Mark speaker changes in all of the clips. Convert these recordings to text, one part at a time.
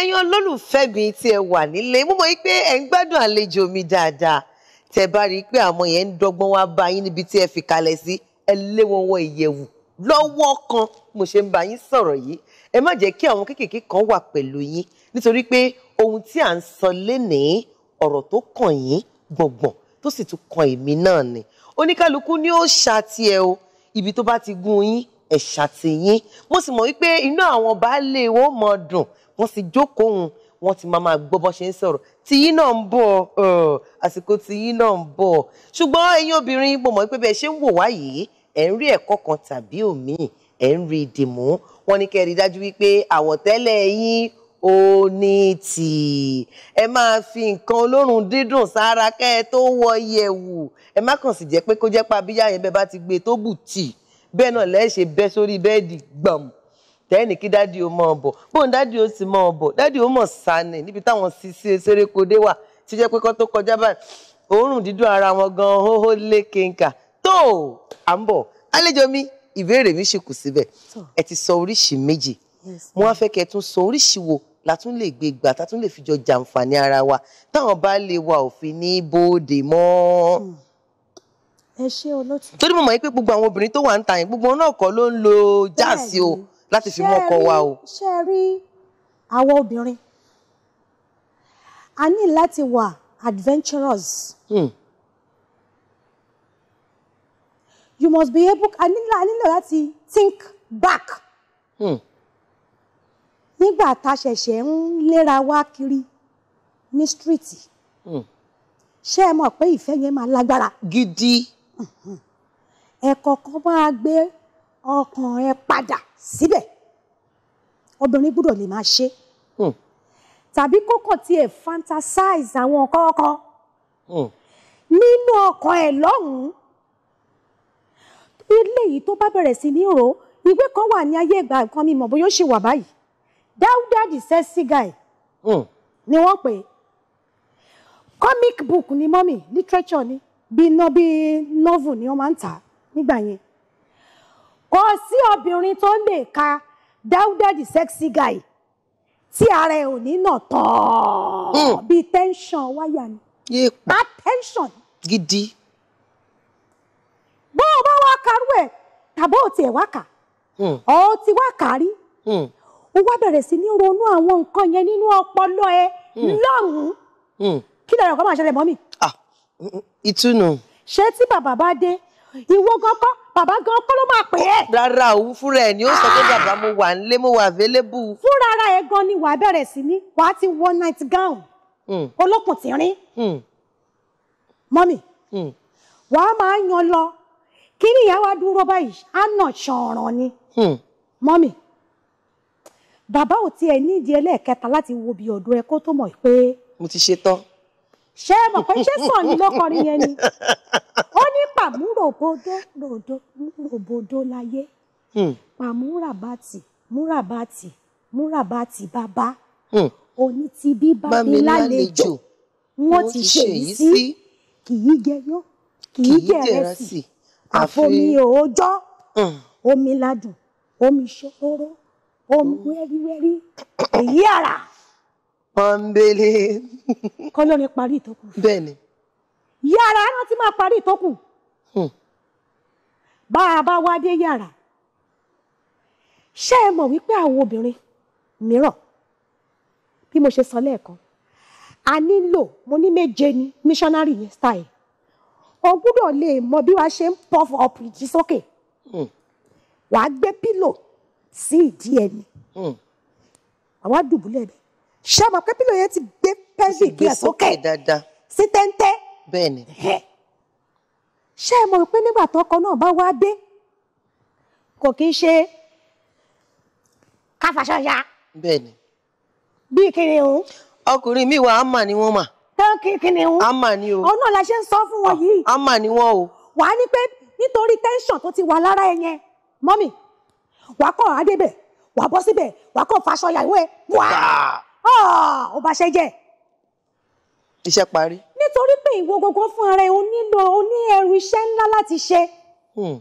Speaker 1: ẹ̀yin olólùfẹ́ mi tí ẹ wà nílé mo mọ̀ yí pé ẹ̀ ń gbádùn àlejò mi dáadáa tẹ bá rí i pé àwọn yẹn ń dọ́gbọ́n wá bá yín níbi tí ẹ fi kalẹ̀ sí ẹ lé wọn wọ ìyẹ̀wù lọ́wọ́ kan mo ṣe ń bá yín sọ̀rọ̀ yìí ẹ má jẹ́ kí àwọn kéékèèké kan wà pẹ̀lú yín nítorí pé ohun tí à ń sọ lénìí ọ̀rọ̀ tó kàn yín gbọ̀ngbọ̀n tó sì tún kan èmi náà ni oníkálukú ni ó ṣàti ẹ o ibi tó bá ti gún yín ẹ ṣàti yín mo sì mọ̀ wípé inú àwọn baálé wọn mọ̀ dùn wọ́n ti jókòó òun wọ́n ti máa máa gbọ́ bó ṣe ń sọ̀rọ̀ tìyín náà ń bọ̀ àsìkò tìyín náà ń bọ̀ ṣùgbọ́n ẹ̀yin obìnrin mo mọ̀ pé bẹ́ẹ̀ ṣe ń wò wá yìí ẹ̀ ń rí ẹ̀kọ́ kan tàbí òmíì ẹ̀ ń rí ìdìmú wọ́n ní kẹ́ rí dájú wípé àwọ̀tẹ́lẹ̀ yín ó ní tì ẹ máa fi nǹkan olóòórùn dídùn sára kẹ́ ẹ tó wọ yẹ̀wù ẹ má kàn sì jẹ́ pé kó jẹ́ pa abíyá yẹn bẹ́ẹ̀ bá ti gbé e tó bù tì bẹ́ẹ̀ náà lẹ́ẹ̀ṣẹ̀ bẹ́ sórí bẹ́ẹ̀dì gbàmù tẹ́ẹ̀nì kí dádì ó máa bọ̀ bóun dádì ó sì máa bọ̀ dádì ó mọ̀ sani níbi táwọn sisi erékodé wà tí jẹ́ pé kọ́ tó kọjá báyìí òórùn dídùn ara wọn gan hóhó lé kéńkà tó à ń bọ̀ àlejò mi ìbéèrè mi ṣì kù síbẹ̀ ẹ ti sọ oríṣi méjì mo wá fẹ́ kẹ́ tún sọ oríṣi wo la tún lè gbé gbà ta tún lè fi jọ jàǹfààní ara wa táwọn bá lè wa òfin ní bóde mọ́. Hmm. ẹ ṣé olótú. torí mo mọ̀ yín pé gbogbo àwọn obìnrin tó wà ń ta yín gbogbo náà kọ́ ló ń lo jáàsì o láti fi mú ọkọ wa o.
Speaker 2: ṣé ẹ rí àwọn obìnrin a ní láti wà adventurous. Hmm. you must be able a nílò láti think back. Hmm. nígbà tá a ṣẹ̀ṣẹ̀ ń léra wá kiri ní stíríìtì hmm. ṣé ẹ mọ̀ pé ìfẹ́ yẹn máa lágbára. gidi. ẹ kọ̀ọ̀kan máa gbé ọkàn ẹ padà síbẹ̀ obìnrin gbọ́dọ̀ lè máa ṣe hmm. tàbí kókò tiẹ̀ fantasize àwọn kọ́kọ́ hmm. nínú ọkàn ẹ̀ lọ́hùn-ún eléyìí tó bá bẹ̀rẹ̀ sí ní rò ìwé kan wà ní ayé ìgbà nǹkan mi mọ̀ bóyá ó ṣì wà báyìí Dáúdà the sexy hmm. ni wọ́n pè é comic book ni mọ́mì literature ni bíi novel ni wọ́n máa ń tà nígbà yẹn kò sí obìnrin tó lè ka Dáúdà the sexy guy tí ara ẹ̀ ò ní nà tán hmm. bíi tẹ́ńsọ̀n wáyà ni bá tẹ́ńsọ̀n gidi. bó o bá wá karú ẹ̀ tàbó o tiẹ̀ wá kà ọ hmm. ti wá kárí hmm. o wá bẹ̀rẹ̀ sí ní ronú àwọn nǹkan yẹn nínú ọpọlọ ẹ lọ́hùn-ún kí lọ́rọ̀ kan máa ṣẹlẹ̀ mọ́ mi. Ah,
Speaker 1: ìtúnu. ṣé tí bàbá bá dé ìwọ gangan bàbá gan kọ́ ló máa pè é. rárá òun fúnra ẹ̀ ni ó sọ pé ah! bàbá mo wà nílé mo wà available. fúnra ara ẹ gan ni wàá bẹ̀rẹ̀
Speaker 2: sí ní wàá ti wọ night gown hmm. olókùn tìrín hmm. mọ́mì hmm. wàá máa yan lọ kí ni ìyá wa dúró báyìí á nà ṣọ̀ràn ni mọ́mì bàbá ò tiẹ̀ nídìí ẹlẹ́ẹ̀kẹta láti wo bí ọ̀dọ̀ ẹ kó tó mọ̀ pé. mo ti ṣe tán. ṣé mọ̀ pé ṣé sàn ni lọ́kọrin yẹn ni. ní pàmúròbodò ròdò múròbodò láyé hmm. pàmúràbàtì múràbàtì múràbàtì bàbá òní hmm. ti bí bámi lálejò
Speaker 1: wọn ti ṣe yìí sí
Speaker 2: kì í jẹyọ kì í jẹrẹsì àfomi òòjọ́ hmm. omi ládùn omi ṣòro omi wẹ́ríwẹ́rí èyí àrà. pọ́ńbélé. kọ́lọ́rin parí ìtọ́kùn. bẹ́ẹ̀ ni. yàrá náà máa parí ìtọ́kùn. Hmm. bá a bá wá dé yàrá ṣé ẹ mọ̀ wípé àwọn obìnrin mìíràn bí mo ṣe sọ lẹ́ẹ̀kan a nílò mo ní méje ní missionary yẹn style o gbúdọ̀ lè mọ bí wàá ṣe ń puff up ìdí sókè hmm. wàá gbé pílò sí ìdí ẹni hmm. àwa dùbúlẹ̀ bẹ́ẹ̀ ṣé ọmọ pé pílò yẹn ti gbé pẹ́ẹ́lì kí ẹ̀ sókè sí téńté bẹ́ẹ̀ ni ṣé ẹ mọ̀ pé nígbà tọkọ náà bá wá dé
Speaker 1: kò kí ń ṣe káfàṣọyà. bẹ́ẹ̀ni. bíi kìnìún. ọkùnrin mi wà ámà ni wọ́n mà. tán kìnìún. ámà ni o. ọ̀nà la ṣe ń sọ
Speaker 2: fún wọn ah, yìí. ámà ni wọ́n o. wàá ní pé nítorí tẹ́ńsọ̀n tó ti wà lára ẹ yẹn mọ́mì wàá kọ́ adébẹ̀ wàá bọ́ síbẹ̀ wàá kọ́ fàṣọyà ìwé
Speaker 1: wàá
Speaker 2: ah, ó bá ṣe jẹ́ iṣẹ́ parí. nítorí pé ìwọ gangan fún ara ẹ o nílò o ní ẹrù iṣẹ́ ńlá láti ṣe hmm.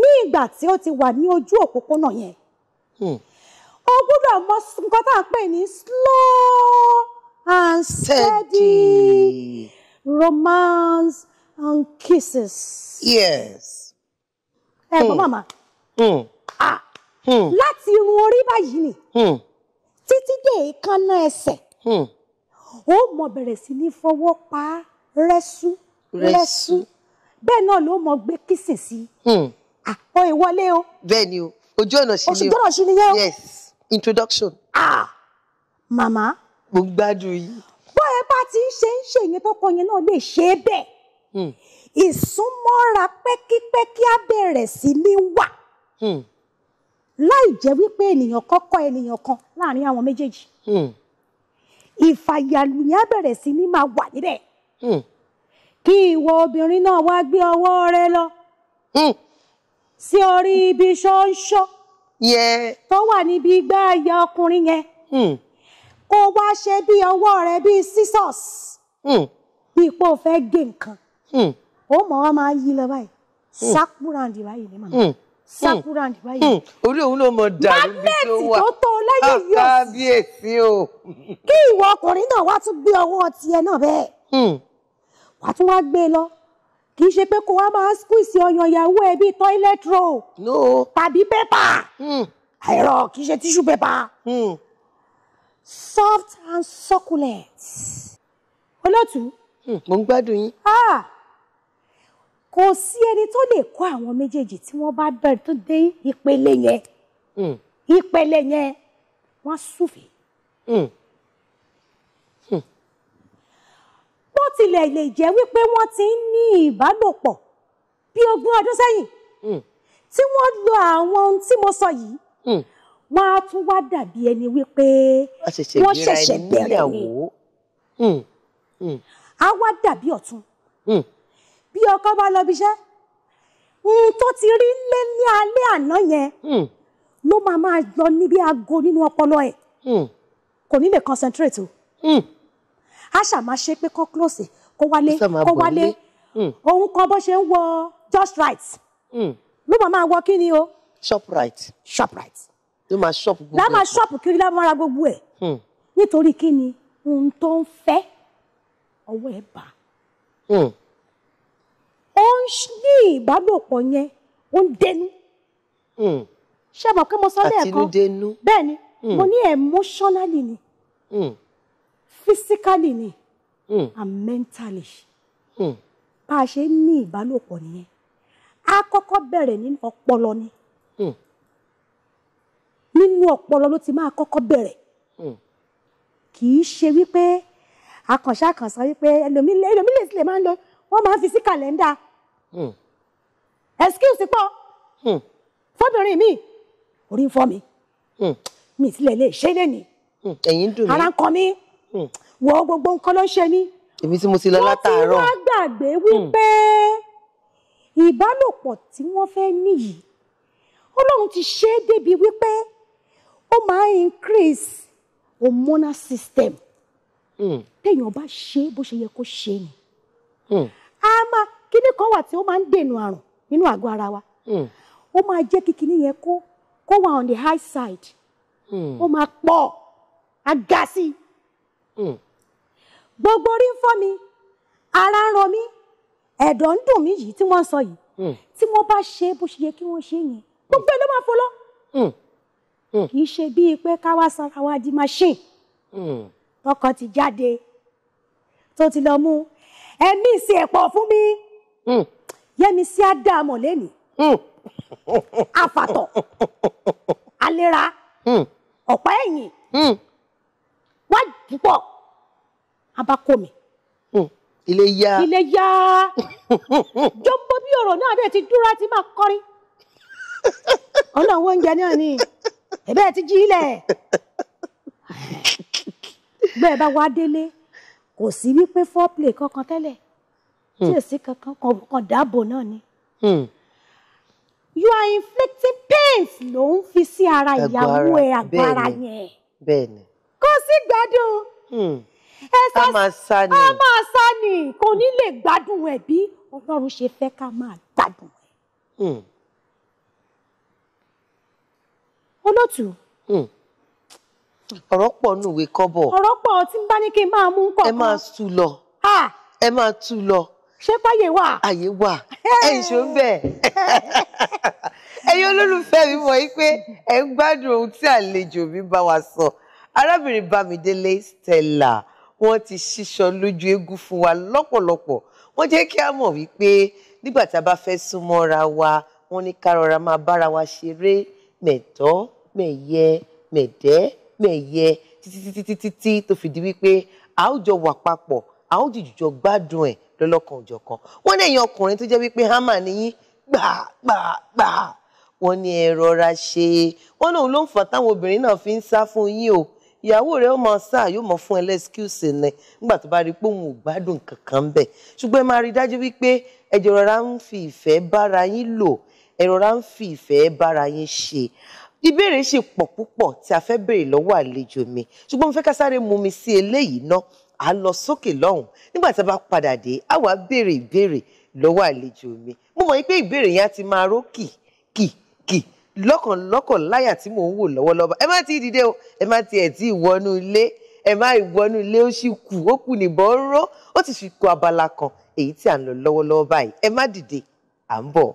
Speaker 2: ní ìgbà tí ó ti wà ní ojú òpópónà yẹn hmm. o gbọ́dọ̀ mọ nǹkan tá à pè ní slow and steady romance and kisses. yes. ẹ gbọ́ mama,
Speaker 1: hmm.
Speaker 2: láti irun orí báyìí ni títí dé èékánná ẹsẹ̀ ó mọ bẹ̀rẹ̀ sí ní fọwọ́ pa rẹ́sú rẹ́sú
Speaker 1: bẹ́ẹ̀ náà ló mọ gbé kìsìn sí hmm. àpò ìwọlé o. bẹ́ẹ̀ ni o ojú ọ̀nà sí ni o ojú ọ̀nà sí ni yẹn o yes introduction. ah màmá.
Speaker 2: mo gbádùn yìí. bó ẹ bá ti ń ṣe ń ṣe ìyẹn tọkọ yẹn náà lè ṣe é bẹ́ẹ̀ hmm. ìsúnmọ́ra pẹ́kípẹ́kí á bẹ̀rẹ̀ sí ní wà hmm. láì jẹ́ wípé ènìyàn kọ́kọ́ ènìyàn kan láàrin àwọn méjèèjì. Hmm ìfàyàlù yẹn bẹ̀rẹ̀ sí ní máa wà níbẹ̀ hmm. kí ìwọ obìnrin náà wá gbé ọwọ́ rẹ lọ hmm. sí orí ibi ṣọ́ńṣọ́ tó wà níbi igbá àyà ọkùnrin yẹn hmm. kó wá ṣe bí ọwọ́ rẹ bí scissors bí ipò fẹ́ gé nǹkan ó mọ̀ wá máa yí lọ báyìí sákúràǹdì báyìí ní màmá
Speaker 1: sákúràǹdì hmm. báyìí. Hmm. orí òun ló mọ dàrú bí tó wà mágẹ́ẹ̀tì tó tó láyé ah, yọ kábíyèsí o. kí ìwọ ọkùnrin náà wá tún gbé ọwọ́ tiẹ̀ náà bẹ́ẹ̀ hmm. wà tún wá gbé e lọ
Speaker 2: kì í ṣe pé kó wá máa squeeze ọyàn ìyàwó ẹ bíi toilet roll No. tàbí pépà ẹ̀rọ kì í ṣe tissue paper soft and succulent olótú. mo ń gbádùn yín. ah kò sí ẹni tó lè kó àwọn méjèèjì tí wọ́n bá bẹ̀rẹ̀ tó dé ìpele yẹn hmm. ìpele yẹn wọ́n súfèé. Hmm. Hmm. bó tilẹ̀ lè jẹ́ wípé wọ́n ti ń ní ìbálòpọ̀ bí ogún ọdún sẹ́yìn tí wọ́n lo àwọn ohun tí mo sọ yìí wọ́n á tún wá dàbí ẹni wípé wọ́n ṣẹ̀ṣẹ̀ bẹ̀rẹ̀ ni á wá dàbí ọ̀tún bí ọkọ bá lọ bí iṣẹ́ ohun tó ti rí lé ní alẹ́ àná yẹn hmm. ló máa máa lọ níbi aago nínú ọpọlọ ẹ̀ hmm. kò ní lè concentrate o hmm. a ṣàmà ṣe pé kọ́ close kó wálé kó wálé ohun kan bó ṣe ń wọ just right ló máa máa wọ kí ni o. shop
Speaker 1: right. shop right. ló máa shop gbogbo ẹ̀ lá
Speaker 2: shop kiri lámọ́ra gbogbo ẹ̀ nítorí kí ni ohun tó ń fẹ́ ọwọ́ ẹ̀ bá ó ń ní ìbálòpọ̀ yẹn ó ń dẹnu. Hmm. ṣé àmọ̀ pé mo sọ lẹ́ẹ̀kan bẹ́ẹ̀ ni hmm. mo ní emotionally ni hmm. physically ni and mentally bá a ṣe ń ní ìbálòpọ̀ nìyẹn a kọ́kọ́ bẹ̀rẹ̀ nínú ọpọlọ ni nínú ọpọlọ ló ti máa kọ́kọ́ bẹ̀rẹ̀ kì í ṣe wípé akànṣe akànṣe wípé ẹlòmílẹ̀ ẹlòmílẹ̀ sì lè máa ń lọ wọ́n máa ń fi sí kàlẹ́ndà Hmm. excuse pọ̀ hmm. fọ́bìnrin mi orí ń fọ́ mi hmm. mi ìsílẹ̀ lè ṣe é lẹ́ni ara ń kọ mi wọ gbogbo nǹkan ló ń ṣe ní. èmi tí mo ti lọ látàárọ̀ wọ́n ti wá gbàgbé wípé ìbálòpọ̀ tí wọ́n fẹ́ níyì ọlọ́run ti ṣe é débi wípé ó máa ń increase hormonal system téèyàn bá ṣe bó ṣe yẹ kó ṣe ni. a máa kíní kan wà tí ó máa ń dènà àrùn nínú àgọ́ ara wa hmm. ó máa jẹ́ kí yẹn kó kó wà on the high side hmm. ó máa pọ̀ àga sí i hmm. gbogbo orí ń fọ́ mi ara ń rọ mí ẹ̀dọ̀ ń dùn mí yìí tí wọ́n ń sọ yìí tí wọ́n bá ṣe bó ṣe yẹ kí wọ́n ṣe yẹn gbogbo ẹ̀ ló máa folọ́ kì í ṣe bíi pé ká wá sanra wa di machine ọkọ̀ ti jáde tó ti lọ mú ẹ̀mí ìsìn ẹ̀pọ̀ fún mi. Hmm. yẹmi sí àdàmọ lẹni àfàtọ àlera hmm. ọ̀pá ẹ̀yìn hmm. wá púpọ̀ abakomi. ilé yá. ilé yá. jọ́mbó bí ọ̀rọ̀ náà dẹ̀ ti dúró àti máa kọrin. ọlọ́run oúnjẹ náà ni ẹ̀bẹ́ ti jí ilẹ̀. bẹ́ẹ̀ bá wá délé kò sí wípé foreplay kankan tẹ́lẹ̀. Hmm. tí èsì kankan kan kan dáàbò náà ni. Hmm. you are inflicting pains ló ń fi sí ara ìyàwó ẹ agbára yẹn kò sí gbádùn
Speaker 1: hmm. ẹsẹ a máa
Speaker 2: sá ni kò ní lè gbádùn ẹ bí Ọlọ́run ṣe fẹ́ ká máa gbádùn
Speaker 1: ẹ. olótù ọ̀rọ̀ pọ̀ nùwé kọ́bọ̀ ọ̀rọ̀ pọ̀ tí ń bá ní kí n máa mú kọ̀ọ̀kan ẹ máa tú lọ ẹ máa tú lọ ṣé páyé wà. àyè wà ẹyìn ṣó ń bẹ ẹ̀yin olólùfẹ́ mi mọ̀ yí pé ẹ ń gbádùn ohun tí àlejò mi bá wa sọ arábìnrin Bámidélé Stella wọ́n ti ṣíṣọ lójú eégún fún wa lọ́pọ̀lọpọ̀ wọ́n jẹ́ kí a mọ̀ wípé nígbà tá a bá fẹ́ súnmọ́ra wa wọ́n ní ká rọra máa bára wa ṣeré mẹ̀tọ́ mẹ̀yẹ mẹ̀dẹ́ mẹ̀yẹ títí títí títí tó fi di wípé a ó jọ wà papọ̀ a ó jìjì gbádùn ẹ̀ lọ́lọ́kan òjọ̀kan wọ́n ní ẹ̀yin ọkùnrin tó jẹ́ wípé hammer ni yín gbà gbà gbà wọ́n ní ẹ rọra ṣe wọ́n lóun ló ń fà táwọn obìnrin náà fi ń sá fún yín o ìyàwó rẹ̀ ó máa sá yóò mọ fún ẹ lẹ́skíùsì ni nígbà tó bá rí pé òun ò gbádùn kankan ń bẹ̀ ṣùgbọ́n ẹ máa rí dájú wípé ẹ jọra ń fi ìfẹ́ bára yín lò ẹ rọra ń fi ìfẹ́ bára yín ṣe ìbéèrè ṣe pọ̀ púpọ̀ tí a fẹ́ béèrè lọ́wọ́ àlejò mi ṣùgbọ́n mo fẹ́ ká sáré mú mi sí eléyìí ná à ń lọ sókè lọ́hùn nígbà tí a bá padà dé a wá béèrè ìbéèrè lọ́wọ́ àlejò mi mo mọ̀ pé ìbéèrè yẹn á ti máa ró kì kì kì lọ́kàn láyà tí mò ń wò lọ́wọ́lọ́wọ́ ẹ má ti dìde o ẹ má tiẹ̀ tí ìwọ́nú ilé ẹ má ìwọ́nú ilé ó sì kù ó kù nìbọn ró ó ti fi kó abala kan èyí tí à ń lọ lọ́wọ́lọ́wọ́ báyìí ẹ má dìde à ń bọ̀.